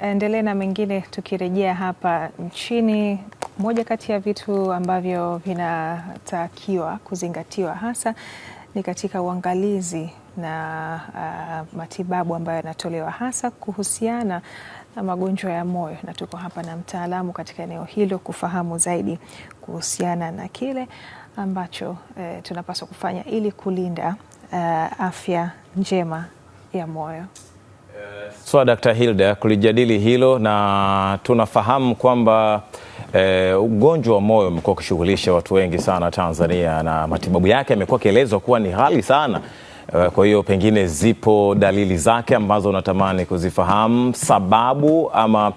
endelee na mengine. Tukirejea hapa nchini, moja kati ya vitu ambavyo vinatakiwa kuzingatiwa hasa ni katika uangalizi na uh, matibabu ambayo yanatolewa hasa kuhusiana na magonjwa ya moyo, na tuko hapa na mtaalamu katika eneo hilo kufahamu zaidi kuhusiana na kile ambacho eh, tunapaswa kufanya ili kulinda uh, afya njema ya moyo. Sawa, so, Dkt. Hilda, kulijadili hilo na tunafahamu kwamba e, ugonjwa wa moyo umekuwa ukishughulisha watu wengi sana Tanzania na matibabu yake yamekuwa akielezwa kuwa ni ghali sana. Eh, kwa hiyo pengine zipo dalili zake ambazo unatamani kuzifahamu, sababu ama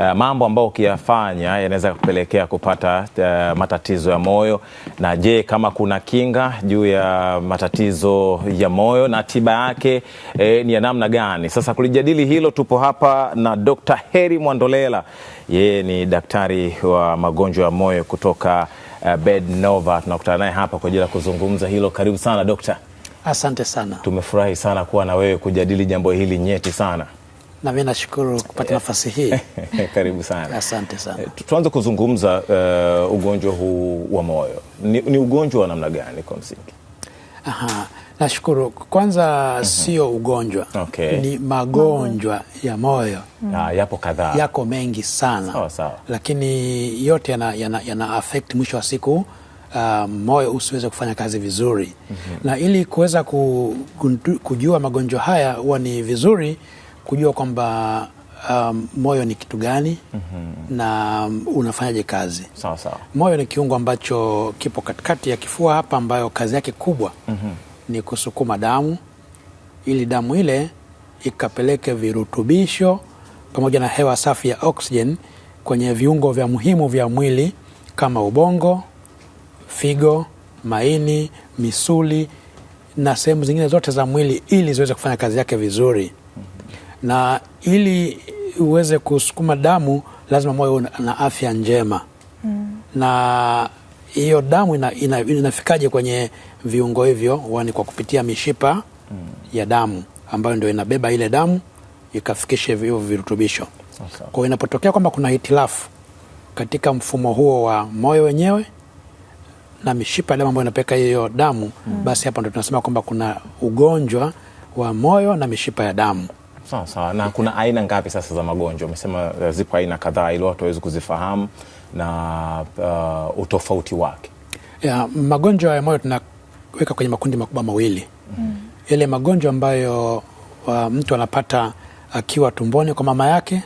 uh, mambo ambayo ukiyafanya yanaweza kupelekea kupata uh, matatizo ya moyo, na je, kama kuna kinga juu ya matatizo ya moyo na tiba yake eh, ni ya namna gani? Sasa kulijadili hilo, tupo hapa na Dr. Heri Mwandolela, yeye ni daktari wa magonjwa ya moyo kutoka uh, Bednova. Tunakutana naye hapa kwa ajili ya kuzungumza hilo. Karibu sana dokta. Asante sana, tumefurahi sana kuwa na wewe kujadili jambo hili nyeti sana. Na mimi nashukuru kupata nafasi hii karibu sana. Asante sana. Eh, tuanze kuzungumza uh, ugonjwa huu wa moyo ni, ni ugonjwa wa namna gani kwa msingi? Aha, nashukuru kwanza. mm -hmm. Sio ugonjwa okay. Ni magonjwa mm -hmm. ya moyo mm -hmm. Yapo kadhaa, yako mengi sana sawa, sawa. Lakini yote yana, yana, yana affect mwisho wa siku uh, moyo usiweze kufanya kazi vizuri mm -hmm. Na ili kuweza ku, kujua magonjwa haya huwa ni vizuri kujua kwamba um, moyo ni kitu gani mm -hmm. na um, unafanyaje kazi sawa sawa. Moyo ni kiungo ambacho kipo katikati ya kifua hapa, ambayo kazi yake kubwa mm -hmm. ni kusukuma damu ili damu ile ikapeleke virutubisho pamoja na hewa safi ya oksijeni kwenye viungo vya muhimu vya mwili kama ubongo, figo, maini, misuli na sehemu zingine zote za mwili ili ziweze kufanya kazi yake vizuri. Na ili uweze kusukuma damu lazima moyo na afya njema mm. na hiyo damu ina, ina, inafikaje kwenye viungo hivyo? Huwa ni kwa kupitia mishipa mm. ya damu ambayo ndio inabeba ile damu ikafikishe hivyo virutubisho. Kwa hiyo inapotokea kwamba kuna hitilafu katika mfumo huo wa moyo wenyewe na mishipa ile ambayo inapeka hiyo damu mm. Basi hapo ndo tunasema kwamba kuna ugonjwa wa moyo na mishipa ya damu. Sawa sawa. Na kuna aina ngapi sasa za magonjwa? Umesema eh, zipo aina kadhaa, ili watu waweze kuzifahamu na uh, utofauti wake. Ya, magonjwa ya moyo tunaweka kwenye makundi makubwa mawili mm. Yale magonjwa ambayo wa mtu anapata akiwa tumboni kwa mama yake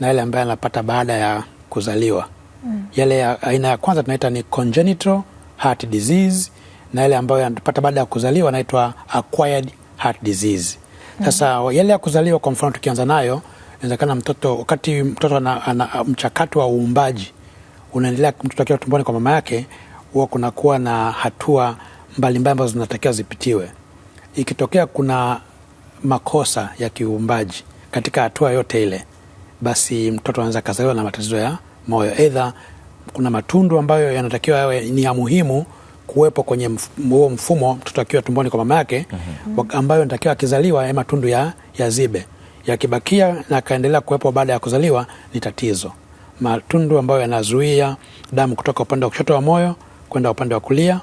na yale ambayo anapata baada ya kuzaliwa mm. Yale ya, aina ya kwanza tunaita ni congenital heart disease na yale ambayo yanapata baada ya kuzaliwa naitwa acquired heart disease. Sasa mm -hmm. yale ya kuzaliwa, kwa mfano tukianza nayo, inawezekana mtoto wakati mtoto ana, ana mchakato wa uumbaji unaendelea, mtoto akiwa tumboni kwa mama yake, huwa kunakuwa na hatua mbalimbali ambazo zinatakiwa zipitiwe. Ikitokea kuna makosa ya kiuumbaji katika hatua yote ile, basi mtoto anaweza akazaliwa na matatizo ya moyo, either kuna matundu ambayo yanatakiwa yawe ni ya muhimu kuwepo kwenye huo mfumo mtoto akiwa tumboni kwa mama yake mm -hmm. ambayo natakiwa akizaliwa ya matundu ya, ya zibe yakibakia na akaendelea kuwepo baada ya kuzaliwa ni tatizo. Matundu ambayo yanazuia damu kutoka upande wa kushoto wa moyo kwenda upande wa kulia,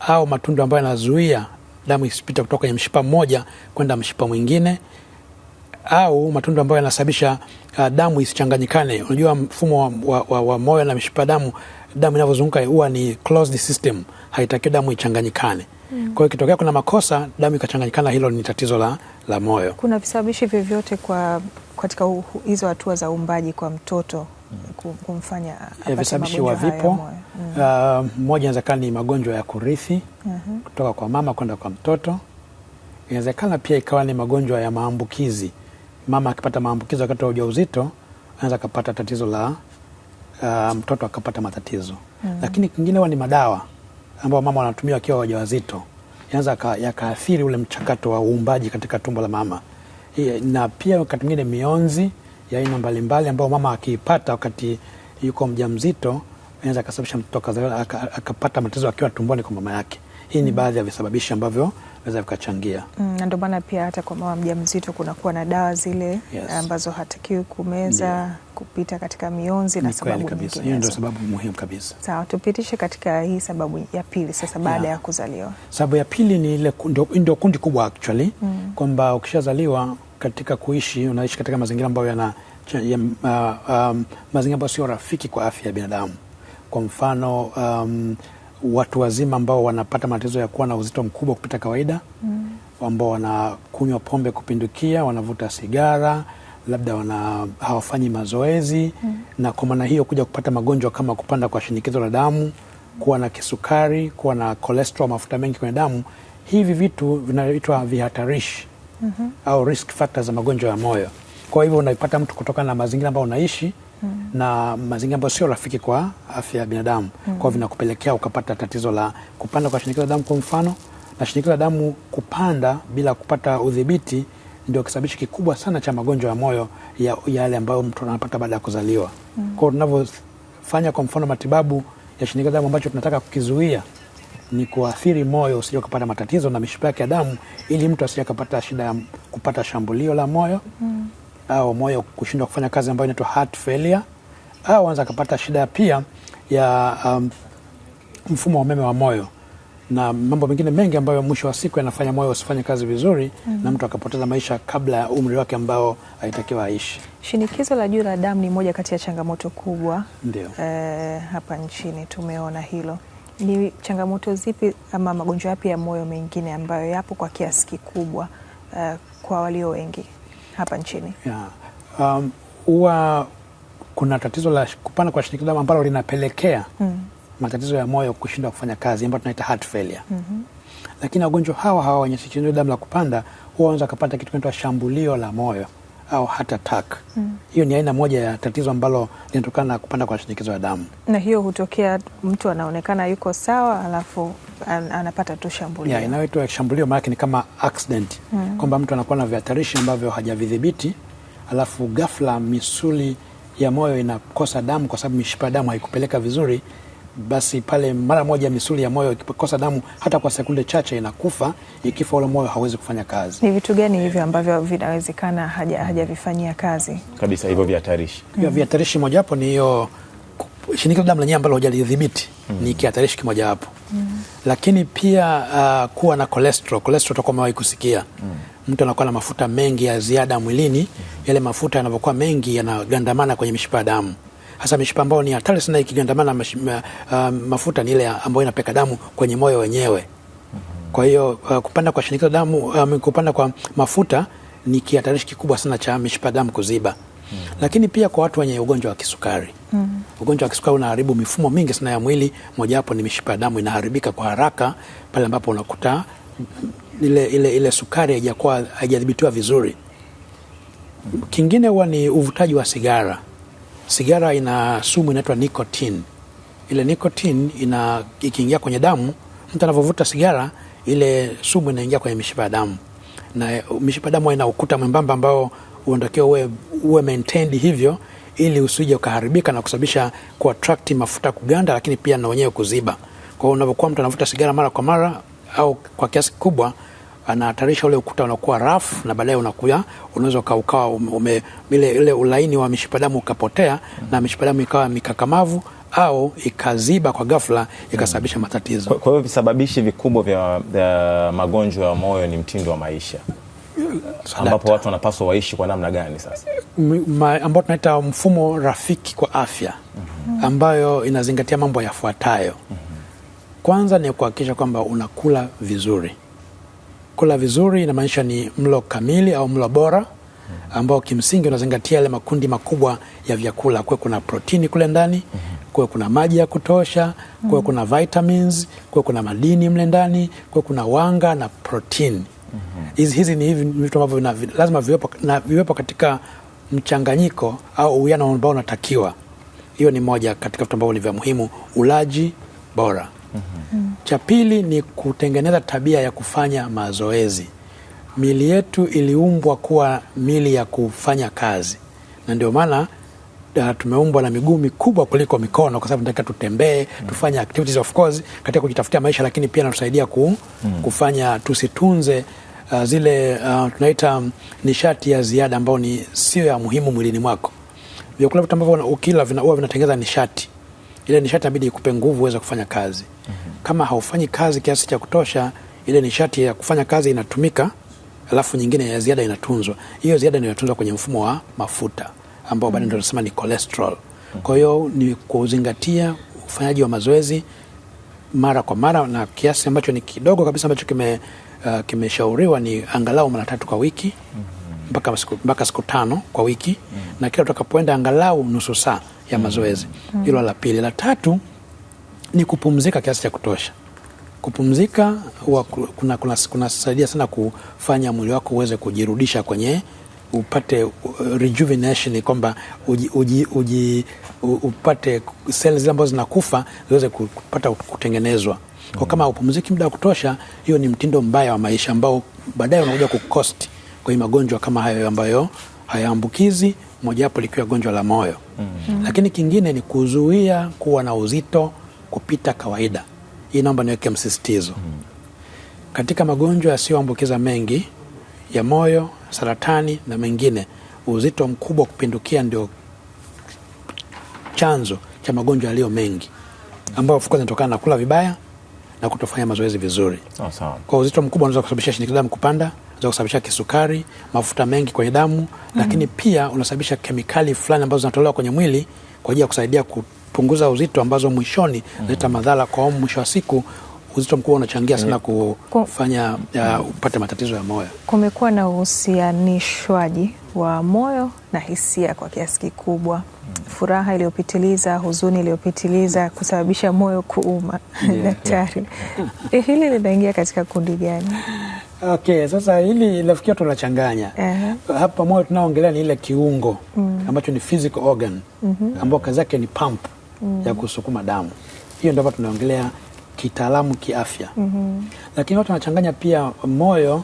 au matundu ambayo yanazuia damu isipite kutoka kwenye mshipa mmoja kwenda mshipa mwingine, au matundu ambayo yanasababisha uh, damu isichanganyikane. Unajua mfumo wa, wa, wa, wa moyo na mishipa damu, damu inavyozunguka huwa ni closed system, haitakiwi damu ichanganyikane. Mm. Kwa hiyo ikitokea kuna makosa damu ikachanganyikana, hilo ni tatizo la, la moyo. Kuna visababishi vyovyote kwa katika hizo hatua za uumbaji kwa mtoto kumfanya eh, apate visababishi wavipo? Mmoja mm. uh, inawezekana ni magonjwa ya kurithi mm -hmm. kutoka kwa mama kwenda kwa mtoto. Inawezekana pia ikawa ni magonjwa ya maambukizi mama akipata maambukizo wakati wa ujauzito anaweza akapata tatizo la uh, mtoto akapata matatizo mm. Lakini kingine huwa ni madawa ambayo mama wanatumia wakiwa wajawazito yanaweza yakaathiri ule mchakato wa uumbaji katika tumbo la mama, na pia wakati mwingine mionzi ya aina mbalimbali ambayo mama akiipata wakati yuko mjamzito anaweza akasababisha mtoto akapata matatizo akiwa tumboni kwa mama yake. Hii ni mm. baadhi ya visababishi ambavyo vikaweza vikachangia mm, na ndio maana pia hata kwa mama mjamzito kunakuwa na dawa zile yes, ambazo hatakiwi kumeza yeah, kupita katika mionzi na sababu nyinginezo. Hiyo ndio sababu muhimu kabisa. Sawa, tupitishe katika hii sababu ya pili sasa baada yeah, ya kuzaliwa. Sababu ya pili ni ile ndio kundi kubwa actually mm, kwamba ukishazaliwa katika kuishi unaishi katika mazingira ambayo yana ya, uh, um, mazingira ambayo sio rafiki kwa afya ya binadamu. Kwa mfano um, watu wazima ambao wanapata matatizo ya kuwa na uzito mkubwa kupita kawaida mm. ambao wanakunywa pombe kupindukia, wanavuta sigara, labda wana hawafanyi mazoezi mm. na kwa maana hiyo kuja kupata magonjwa kama kupanda kwa shinikizo la damu, kuwa na kisukari, kuwa na cholesterol, mafuta mengi kwenye damu. Hivi vitu vinaitwa vihatarishi mm -hmm. au risk factors za magonjwa ya moyo. Kwa hivyo unaipata mtu kutokana na mazingira ambayo unaishi na mazingira ambayo sio rafiki kwa afya ya binadamu mm. Kwa vinakupelekea ukapata tatizo la kupanda kwa shinikizo la damu kwa mfano, na shinikizo la damu kupanda bila kupata udhibiti ndio kisababishi kikubwa sana cha magonjwa ya moyo ya yale ambayo mtu anapata baada ya kuzaliwa mm. Kwa tunavyofanya kwa mfano matibabu ya shinikizo la damu ambacho tunataka kukizuia ni kuathiri moyo usije kupata matatizo na mishipa yake ya damu, ili mtu asije akapata shida ya kupata shambulio la moyo mm au moyo kushindwa kufanya kazi ambayo inaitwa heart failure, au anaweza akapata shida pia ya um, mfumo wa umeme wa moyo na mambo mengine mengi ambayo mwisho wa siku yanafanya moyo usifanye kazi vizuri mm -hmm. na mtu akapoteza maisha kabla ya umri wake ambao alitakiwa aishi. Shinikizo la juu la damu ni moja kati ya changamoto kubwa ndio, eh, hapa nchini tumeona hilo. Ni changamoto zipi ama magonjwa yapi ya moyo mengine ambayo yapo kwa kiasi kikubwa eh, kwa walio wengi? hapa nchini yeah. um, kuna tatizo la kupanda kwa shinikizo damu ambalo linapelekea mm. matatizo ya moyo kushindwa kufanya kazi ambayo tunaita heart failure mm -hmm. Lakini wagonjwa hawa hawa wenye shinikizo damu la kupanda huwa wanaweza kupata kitu kinaitwa shambulio la moyo au heart attack mm. Hiyo ni aina moja ya tatizo ambalo linatokana na kupanda kwa shinikizo la damu, na hiyo hutokea mtu anaonekana yuko sawa, alafu an, anapata tu shambulio yeah, inayoitwa shambulio. Maanake ni kama accident mm. kwamba mtu anakuwa na vihatarishi ambavyo hajavidhibiti, alafu ghafla misuli ya moyo inakosa damu kwa sababu mishipa ya damu haikupeleka vizuri basi pale mara moja misuli ya moyo ikikosa damu hata kwa sekunde chache inakufa. Ikifa ule moyo hawezi kufanya kazi. Ni vitu gani hivyo ambavyo vinawezekana hajavifanyia haja kazi kabisa, hivyo vihatarishi? Hivyo mm. vihatarishi mojawapo ni hiyo shinikizo damu lenyewe ambalo hujalidhibiti mm -hmm. ni kihatarishi kimojawapo mm -hmm. lakini pia uh, kuwa na kolestro. Kolestro utakuwa umewahi kusikia mm -hmm. mtu anakuwa na mafuta mengi ya ziada mwilini mm. yale mafuta yanavyokuwa mengi yanagandamana kwenye mishipa ya damu hasa mishipa ambayo ni hatari sana ikigandamana uh, mafuta ni ile ambayo inapeka damu kwenye moyo wenyewe. Kwa hiyo uh, kupanda kwa shinikizo damu um, kupanda kwa mafuta ni kihatarishi kikubwa sana cha mishipa damu kuziba. Mm -hmm. Lakini pia kwa watu wenye ugonjwa wa kisukari. Mm -hmm. Ugonjwa wa kisukari unaharibu mifumo mingi sana ya mwili, mojawapo ni mishipa ya damu inaharibika kwa haraka pale ambapo unakuta ile, ile, ile sukari haijakuwa haijadhibitiwa vizuri. Mm -hmm. Kingine huwa ni uvutaji wa sigara. Mm sigara ina sumu inaitwa nicotine. Ile nicotine ina ikiingia kwenye damu, mtu anavyovuta sigara, ile sumu inaingia kwenye mishipa ya damu, na mishipa ya damu ina ukuta mwembamba ambao unatakiwa uwe, uwe maintained hivyo ili usije ukaharibika na kusababisha kuattract mafuta kuganda, lakini pia na wenyewe kuziba. Kwa hiyo unapokuwa mtu anavuta sigara mara kwa mara au kwa kiasi kikubwa anahatarisha ule ukuta unakuwa rafu na baadaye unakuya unaweza ukaukawa ile, ulaini wa mishipa damu ukapotea mm. na mishipa damu ikawa mikakamavu au ikaziba kwa ghafla ikasababisha hmm. matatizo. Kwa hiyo visababishi vikubwa vya, vya magonjwa ya moyo ni mtindo wa maisha ambapo watu wanapaswa waishi kwa namna gani sasa, ambao tunaita mfumo rafiki kwa afya mm -hmm. ambayo inazingatia mambo yafuatayo mm -hmm. Kwanza ni kuhakikisha kwamba unakula vizuri kula vizuri inamaanisha ni mlo kamili au mlo bora ambao kimsingi unazingatia yale makundi makubwa ya vyakula. Kuwe kuna protini kule ndani, kuwe kuna maji ya kutosha, kuwe kuna vitamins, kuwe kuna madini mle ndani, kuwe kuna wanga na protini. Hizi hizi ni hivi vitu ambavyo lazima viwepo, na viwepo katika mchanganyiko au uwiano ambao unatakiwa. Hiyo ni moja katika vitu ambavyo ni vya muhimu, ulaji bora. Mm-hmm. Cha pili ni kutengeneza tabia ya kufanya mazoezi. Mili yetu iliumbwa kuwa mili ya kufanya kazi, na ndio maana uh, tumeumbwa na miguu mikubwa kuliko mikono, kwa sababu nataka tutembee, mm. tufanye activities of course katika kujitafutia maisha, lakini pia natusaidia ku, mm. kufanya tusitunze uh, zile uh, tunaita um, nishati ya ziada ambayo ni sio ya muhimu mwilini mwako. Vyakula vitu ambavyo ukila vinaua vinatengeneza nishati ile nishati inabidi ikupe nguvu uweze kufanya kazi. Mhm. Kama haufanyi kazi kiasi cha kutosha, ile nishati ya kufanya kazi inatumika, alafu nyingine ya ziada inatunzwa. Hiyo ziada inatunzwa kwenye mfumo wa mafuta ambao baadaye mhm. ndio tunasema ni cholesterol. Mhm. Kwa hiyo ni kuzingatia ufanyaji wa mazoezi mara kwa mara na kiasi ambacho ni kidogo kabisa ambacho kime uh, kimeshauriwa ni angalau mara tatu kwa wiki mpaka siku, mpaka siku tano kwa wiki mm. na kila utakapoenda angalau nusu saa ya mazoezi. Hilo la pili. La tatu ni kupumzika kiasi cha kutosha. Kupumzika huwa kunasaidia kuna, kunasaidia sana kufanya mwili wako uweze kujirudisha kwenye upate uh, rejuvenation kwamba uji, uji, uji, upate seli zile ambazo zinakufa ziweze kupata kutengenezwa. Kwa kama upumziki muda wa kutosha, hiyo ni mtindo mbaya wa maisha ambao baadaye unakuja kukosti kwenye magonjwa kama hayo ambayo hayaambukizi mojawapo likiwa gonjwa la moyo mm -hmm. Lakini kingine ni kuzuia kuwa na uzito kupita kawaida. Hii naomba niweke msisitizo mm -hmm. Katika magonjwa yasiyoambukiza mengi ya moyo, saratani na mengine, uzito mkubwa kupindukia ndio chanzo cha magonjwa yaliyo mengi ambayo fuka zinatokana na kula vibaya na kutofanya mazoezi vizuri. Sawa Kwa uzito mkubwa unaweza kusababisha shinikizo damu kupanda za kusababisha kisukari, mafuta mengi kwenye damu mm -hmm. Lakini pia unasababisha kemikali fulani ambazo zinatolewa kwenye mwili kwa ajili ya kusaidia kupunguza uzito, ambazo mwishoni zinaleta mm -hmm. madhara kwa mwisho wa siku uzito mkubwa unachangia mm. sana kufanya ya, mm. upate matatizo ya moyo. Kumekuwa na uhusianishwaji wa moyo na hisia kwa kiasi kikubwa mm. Furaha iliyopitiliza, huzuni iliyopitiliza kusababisha moyo kuuma. Daktari, eh, hili linaingia katika kundi gani? Okay, sasa hili nafikiri tunachanganya uh-huh. Hapa moyo tunaongelea ni ile kiungo mm. ambacho ni physical organ mm -hmm. ambayo kazi yake ni pump mm -hmm. ya kusukuma damu, hiyo ndio hapa tunaongelea kitaalamu kiafya mm -hmm. Lakini watu wanachanganya pia moyo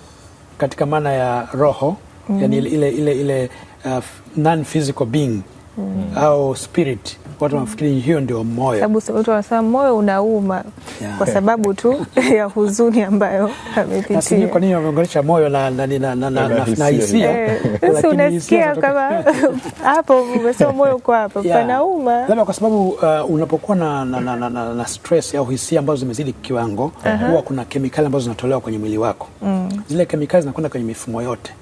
katika maana ya roho mm -hmm. yani ile, ile, ile, uh, non physical being mm -hmm. au spirit watu wanafikiri hiyo ndio moyo, sababu watu wanasema moyo unauma yeah. kwa sababu tu ya huzuni ambayo amepitia. Kwa nini wameunganisha moyo na na hisia? Sasa eh, unasikia kama hapo umesema moyo hapo yeah. panauma, labda kwa sababu uh, unapokuwa na, na, na, na, na stress au hisia ambazo zimezidi kiwango uh -huh. huwa kuna kemikali ambazo zinatolewa kwenye mwili wako mm. zile kemikali zinakwenda kwenye mifumo yote,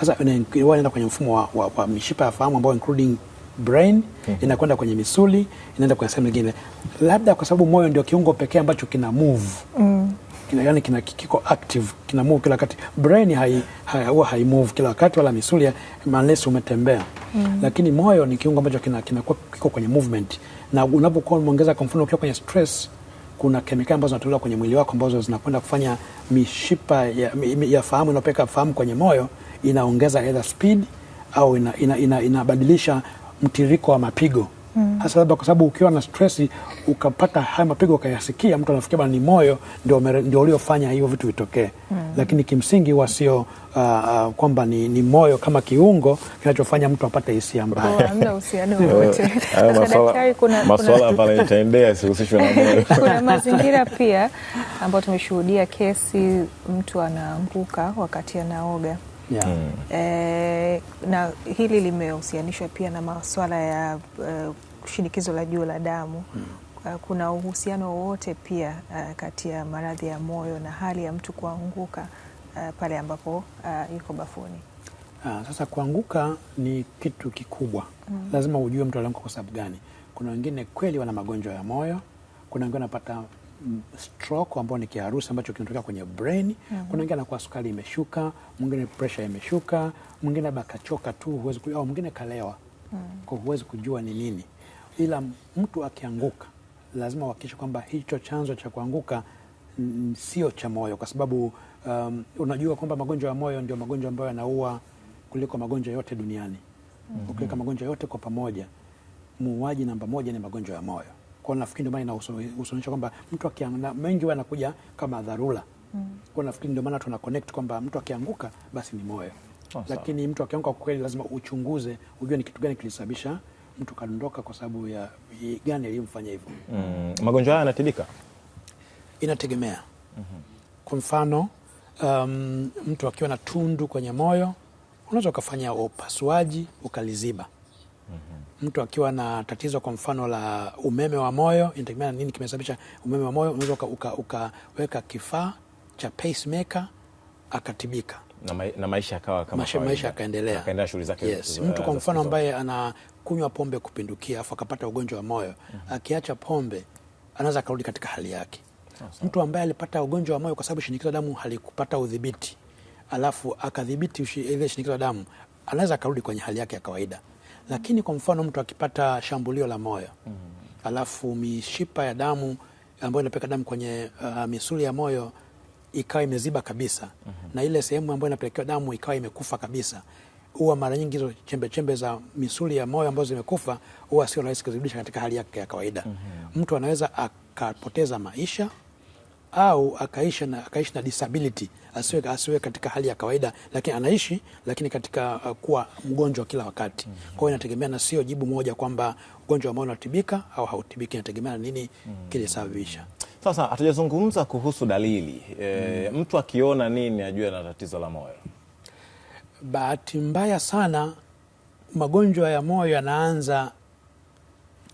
sasa inaenda kwenye mfumo wa, wa, wa mishipa ya fahamu ambayo including brain mm -hmm. inakwenda kwenye misuli, inaenda kwenye sehemu nyingine, labda kwa sababu moyo ndio kiungo pekee ambacho kina move mm. Kina, yani kina kiko active kina move kila wakati. Brain hai huwa hai, hai move kila wakati wala misuli unless umetembea mm. Lakini moyo ni kiungo ambacho kina, kina kiko kwenye movement, na unapokuwa umeongeza, kwa mfano ukiwa kwenye stress kuna kemikali ambazo zinatolewa kwenye mwili wako ambazo zinakwenda kufanya mishipa ya, ya fahamu inapeka fahamu kwenye moyo inaongeza either speed au inabadilisha ina, ina, ina mtiririko wa mapigo hmm. hasa labda kwa sababu ukiwa na stresi ukapata haya mapigo ukayasikia, mtu anafikia bana, ni moyo ndio uliofanya hiyo vitu vitokee. mm Lakini kimsingi wasio uh, uh, kwamba ni, ni moyo kama kiungo kinachofanya mtu apate hisia mbaya. Masuala pale yataendea na moyo. Kuna mazingira pia ambayo tumeshuhudia kesi mtu anaanguka wakati anaoga yeah. mm. E, na hili limehusianishwa pia na maswala ya uh, shinikizo la juu la damu mm. Uh, kuna uhusiano wowote pia uh, kati ya maradhi ya moyo na hali ya mtu kuanguka uh, pale ambapo uh, yuko bafuni? Ah, sasa kuanguka ni kitu kikubwa mm. Lazima ujue mtu alianguka kwa sababu gani. Kuna wengine kweli wana magonjwa ya moyo, kuna wengine wanapata stroke ambao ni kiharusi ambacho kinatokea kwenye brain. mm -hmm. Kuna wengine anakuwa sukari imeshuka, mwingine pressure imeshuka, mwingine bakachoka tu huwezi kujua, au mwingine kalewa. mm -hmm. Kwa huwezi kujua ni nini, ila mtu akianguka lazima uhakikishe kwamba hicho chanzo cha kuanguka sio cha moyo, kwa sababu um, unajua kwamba magonjwa ya moyo ndio magonjwa ambayo yanaua kuliko magonjwa yote duniani. mm -hmm. Ukiweka magonjwa yote kwa pamoja, muuaji namba moja ni magonjwa ya moyo. Kwa nafikiri ndio maana inahusunisha kwamba mtu akianguka, mengi yanakuja kama dharura. Mm. Kwa nafikiri ndio maana tuna connect kwamba mtu akianguka basi ni moyo. Oh, lakini mtu akianguka kwa kweli lazima uchunguze, ujue ni kitu gani kilisababisha mtu kadondoka, kwa sababu ya gani aliyomfanya hivyo. Mm. Magonjwa haya yanatibika, inategemea mm -hmm. Kwa mfano um, mtu akiwa na tundu kwenye moyo unaweza ukafanya upasuaji ukaliziba, mtu akiwa na tatizo kwa mfano la umeme wa moyo, inategemea na nini kimesababisha umeme wa moyo, unaweza ukaweka uka, uka, kifaa cha pacemaker akatibika na, ma na maisha akawa kama kawaida, maisha akaendelea akaendelea shughuli zake. Yes, mtu kwa mfano ambaye anakunywa pombe kupindukia afu akapata ugonjwa wa moyo mm -hmm. akiacha pombe anaweza akarudi katika hali yake. Awesome. Mtu ambaye alipata ugonjwa wa moyo kwa sababu shinikizo la damu halikupata udhibiti alafu akadhibiti ile shinikizo la damu anaweza akarudi kwenye hali yake ya kawaida. Lakini kwa mfano mtu akipata shambulio la moyo mm alafu mishipa ya damu ambayo inapeleka damu kwenye uh, misuli ya moyo ikawa imeziba kabisa mm -hmm. na ile sehemu ambayo inapelekewa damu ikawa imekufa kabisa, huwa mara nyingi hizo chembechembe za misuli ya moyo ambazo zimekufa huwa sio rahisi kuzirudisha katika hali yake ya kawaida mm -hmm. mtu anaweza akapoteza maisha au akaishi na, akaishi na disability asiwe, asiwe katika hali ya kawaida, lakini anaishi lakini katika uh, kuwa mgonjwa kila wakati. Mhm. Kwa hiyo inategemea na sio jibu moja kwamba ugonjwa ambao unatibika au hautibiki, inategemea na nini mhm. kilisababisha. Sasa hatujazungumza kuhusu dalili e, mm. Mtu akiona nini ajue na tatizo la moyo? Bahati mbaya sana magonjwa ya moyo yanaanza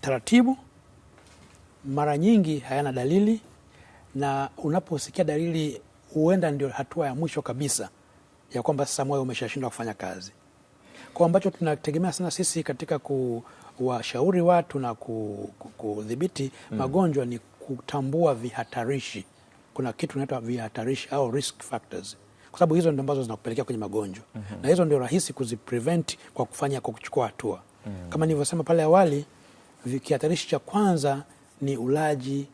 taratibu, mara nyingi hayana dalili, na unaposikia dalili huenda ndio hatua ya mwisho kabisa ya kwamba sasa moyo umeshashindwa kufanya kazi. Kwa ambacho tunategemea sana sisi katika kuwashauri watu na kudhibiti mm. magonjwa ni kutambua vihatarishi. Kuna kitu inaitwa vihatarishi au risk factors, kwa sababu hizo ndio ambazo zinakupelekea kwenye magonjwa mm -hmm. na hizo ndio rahisi kuziprevent kwa kufanya kwa kuchukua hatua mm -hmm. kama nilivyosema pale awali, kihatarishi cha kwanza ni ulaji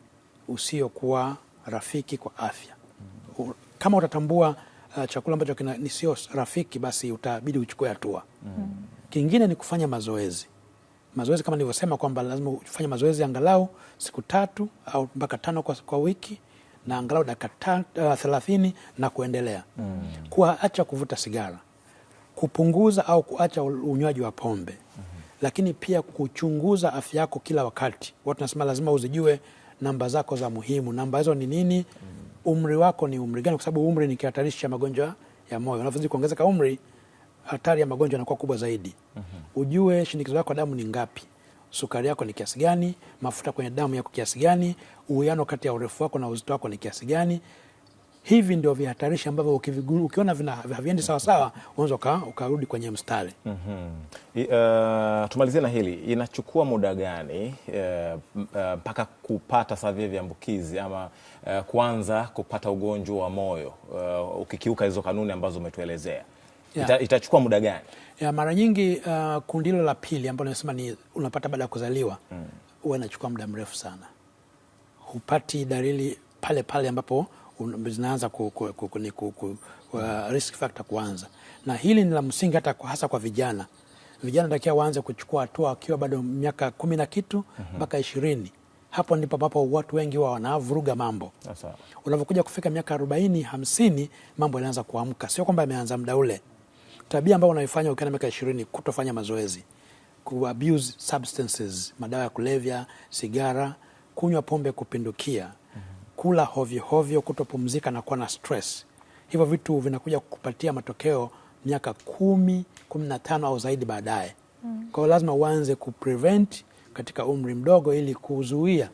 usiokuwa rafiki kwa afya kama utatambua uh, chakula ambacho ni sio rafiki, basi utabidi uchukue hatua mm. Kingine ni kufanya mazoezi. Mazoezi kama nilivyosema kwamba lazima ufanye mazoezi angalau siku tatu au mpaka tano kwa, kwa wiki na angalau dakika uh, thelathini na kuendelea mm. Kuacha kuvuta sigara, kupunguza au kuacha unywaji wa pombe mm -hmm. Lakini pia kuchunguza afya yako kila wakati. Watu nasema lazima uzijue namba zako za muhimu. Namba hizo ni nini? mm umri wako ni umri gani, kwa sababu umri ni kihatarishi cha magonjwa ya moyo. Unavyozidi kuongezeka umri, hatari ya magonjwa inakuwa kubwa zaidi. mm -hmm. Ujue shinikizo lako la damu ni ngapi, sukari yako ni kiasi gani, mafuta kwenye damu yako kiasi gani, uwiano kati ya urefu wako na uzito wako ni kiasi gani hivi ndio vihatarishi ambavyo ukiona haviendi sawasawa unaweza ukarudi kwenye mstari. mm -hmm. Uh, tumalizie na hili, inachukua muda gani mpaka uh, uh, kupata savia viambukizi ama uh, kuanza kupata ugonjwa wa moyo uh, ukikiuka hizo kanuni ambazo umetuelezea? Yeah. Ita, itachukua muda gani? Yeah, mara nyingi uh, kundi hilo la pili ambalo nimesema ni unapata baada ya kuzaliwa mm. huwa mm. inachukua muda mrefu sana, hupati dalili pale pale ambapo zinaanza uh, risk factor kuanza, na hili ni la msingi hata hasa kwa vijana. Vijana takiwa waanze kuchukua hatua wakiwa bado miaka kumi na kitu mhm. mpaka mm -hmm. ishirini. Hapo ndipo ambapo watu wengi wa wanavuruga mambo. Unavyokuja kufika miaka arobaini hamsini, mambo yanaanza kuamka, sio kwamba yameanza muda ule. Tabia ambayo unaifanya ukiwa na miaka ishirini, kutofanya mazoezi, kuabuse substances, madawa ya kulevya, sigara, kunywa pombe kupindukia kula hovyo hovyo, kutopumzika na kuwa na stress. Hivyo vitu vinakuja kukupatia matokeo miaka kumi, kumi na tano au zaidi baadaye. Mm. Kwa hiyo lazima uanze kuprevent katika umri mdogo ili kuzuia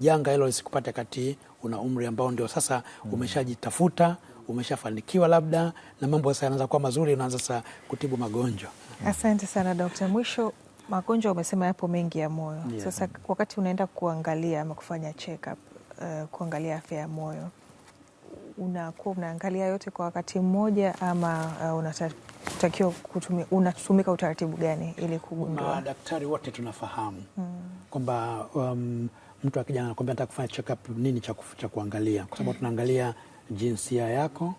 janga hilo lisikupate kati una umri ambao ndio sasa mm. umeshajitafuta umeshafanikiwa labda na mambo sasa yanaanza kuwa mazuri, unaanza sasa kutibu magonjwa. Mm. Asante sana dokta. Mwisho, magonjwa umesema yapo mengi ya moyo. Yeah. Sasa wakati unaenda kuangalia ama kufanya check up Eh, kuangalia afya ya moyo, unakuwa unaangalia yote kwa wakati mmoja ama uh, unatakiwa kutumia, unatumika utaratibu gani ili kugundua? Daktari wote tunafahamu hmm. kwamba um, mtu akija anakwambia nataka kufanya check up, nini cha kuangalia, kwa sababu mm. tunaangalia jinsia yako,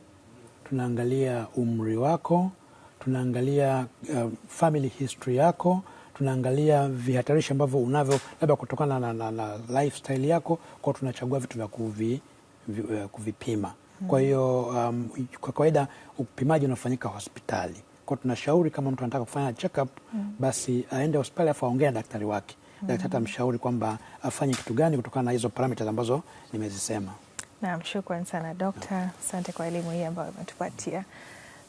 tunaangalia umri wako, tunaangalia uh, family history yako tunaangalia vihatarishi ambavyo unavyo labda kutokana na, na, na lifestyle yako, kwa tunachagua vitu vya kuvi, eh, kuvipima. Hmm. Kwa hiyo um, kwa kawaida upimaji unafanyika hospitali, kwa tunashauri kama mtu anataka kufanya check up mm. basi aende hospitali afu aongee na daktari wake mm. daktari atamshauri kwamba afanye kitu gani kutokana na hizo parameters ambazo nimezisema. Naam, shukrani sana dokta, asante kwa elimu hii ambayo umetupatia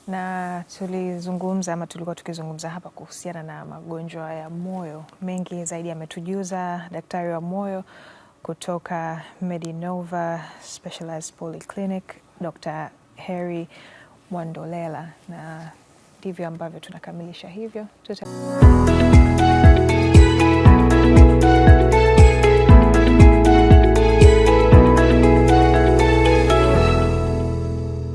na tulizungumza ama tulikuwa tukizungumza hapa kuhusiana na magonjwa ya moyo. Mengi zaidi ametujuza daktari wa moyo kutoka Medinova Specialized Polyclinic, Dr. Harry Mwandolela, na ndivyo ambavyo tunakamilisha hivyo Tuta